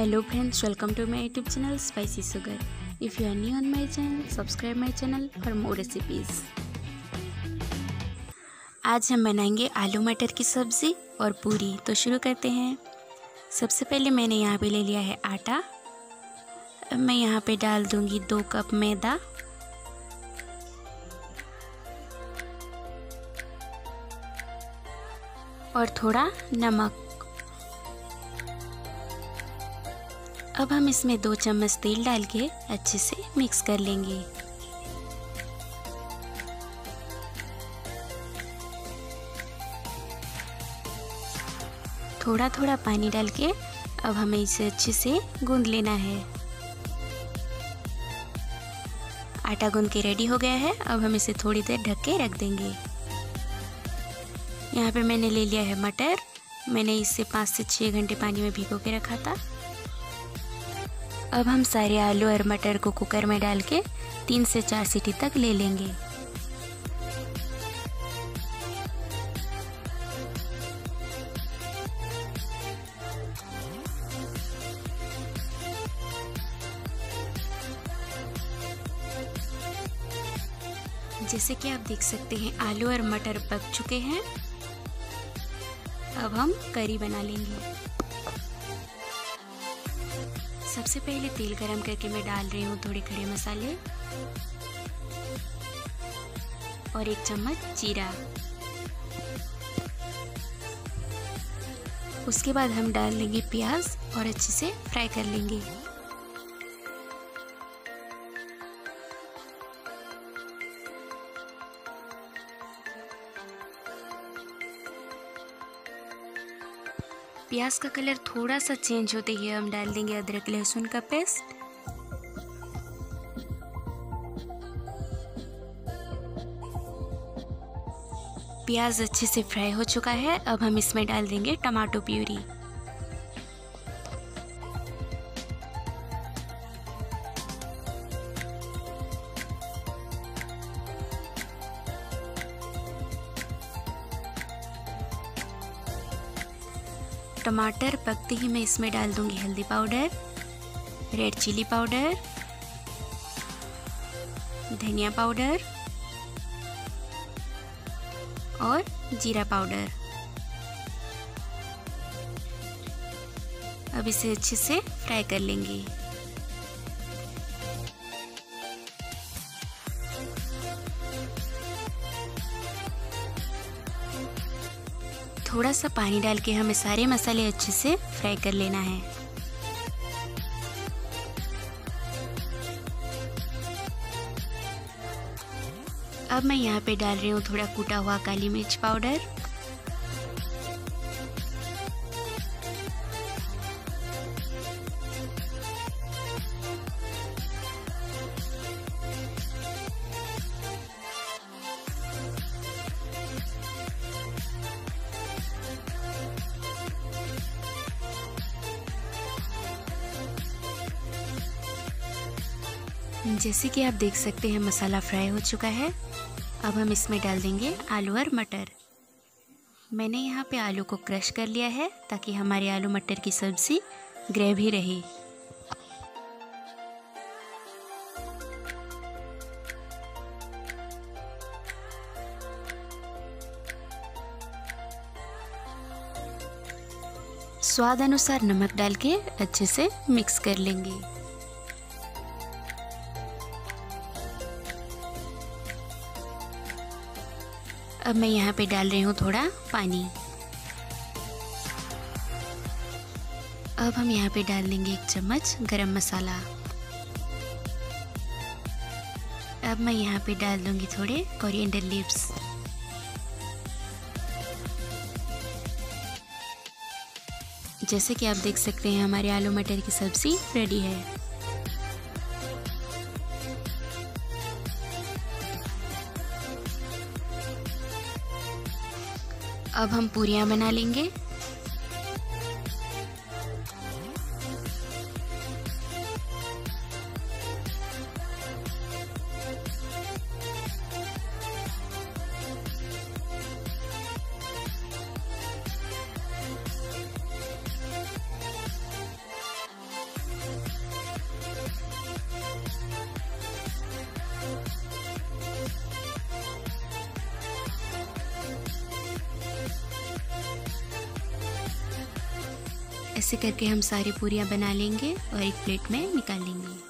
hello friends welcome to my YouTube channel spicy sugar if you are new on my channel subscribe my channel for more recipes आज हम बनाएंगे आलू मटर की सब्जी और पूरी तो शुरू करते हैं सबसे पहले मैंने यहाँ पे ले लिया है आटा मैं यहाँ पे डाल दूंगी दो कप मैदा और थोड़ा नमक अब हम इसमें दो चम्मच तेल डाल के अच्छे से मिक्स कर लेंगे थोड़ा थोड़ा पानी डाल के अब हमें इसे अच्छे से गूंद लेना है आटा गूंद के रेडी हो गया है अब हम इसे थोड़ी देर ढक के रख देंगे यहाँ पे मैंने ले लिया है मटर मैंने इसे पाँच से छः घंटे पानी में भिगो के रखा था अब हम सारे आलू और मटर को कुकर में डाल के तीन से चार सीटी तक ले लेंगे जैसे कि आप देख सकते हैं आलू और मटर पक चुके हैं अब हम करी बना लेंगे सबसे पहले तेल गरम करके मैं डाल रही हूँ थोड़े खड़े मसाले और एक चम्मच जीरा उसके बाद हम डाल लेंगे प्याज और अच्छे से फ्राई कर लेंगे प्याज का कलर थोड़ा सा चेंज होते ही हम डाल देंगे अदरक लहसुन का पेस्ट प्याज अच्छे से फ्राई हो चुका है अब हम इसमें डाल देंगे टमाटो प्यूरी टमाटर पकते ही मैं इसमें डाल दूंगी हल्दी पाउडर रेड चिली पाउडर धनिया पाउडर और जीरा पाउडर अब इसे अच्छे से फ्राई कर लेंगे थोड़ा सा पानी डाल के हमें सारे मसाले अच्छे से फ्राई कर लेना है अब मैं यहाँ पे डाल रही हूँ थोड़ा कूटा हुआ काली मिर्च पाउडर जैसे कि आप देख सकते हैं मसाला फ्राई हो चुका है अब हम इसमें डाल देंगे आलू और मटर मैंने यहाँ पे आलू को क्रश कर लिया है ताकि हमारे आलू मटर की सब्ज़ी ग्रेवी रहे स्वाद अनुसार नमक डाल के अच्छे से मिक्स कर लेंगे अब मैं यहाँ पे डाल रही हूँ थोड़ा पानी अब हम यहाँ पे डाल लेंगे एक चम्मच गरम मसाला अब मैं यहाँ पे डाल दूंगी थोड़े कोरिएंडर लीव्स जैसे कि आप देख सकते हैं हमारे आलू मटर की सब्ज़ी रेडी है अब हम पूरियाँ बना लेंगे ऐसे करके हम सारी पूरियाँ बना लेंगे और एक प्लेट में निकाल लेंगे